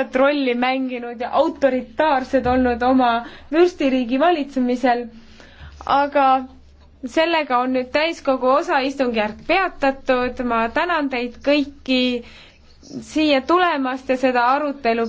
suurt rolli mänginud ja autoritaarsed olnud oma vürstiriigi valitsemisel. aga sellega on nüüd täiskogu osaistungjärk peatatud, ma tänan teid kõiki siia tulemast ja seda arutelu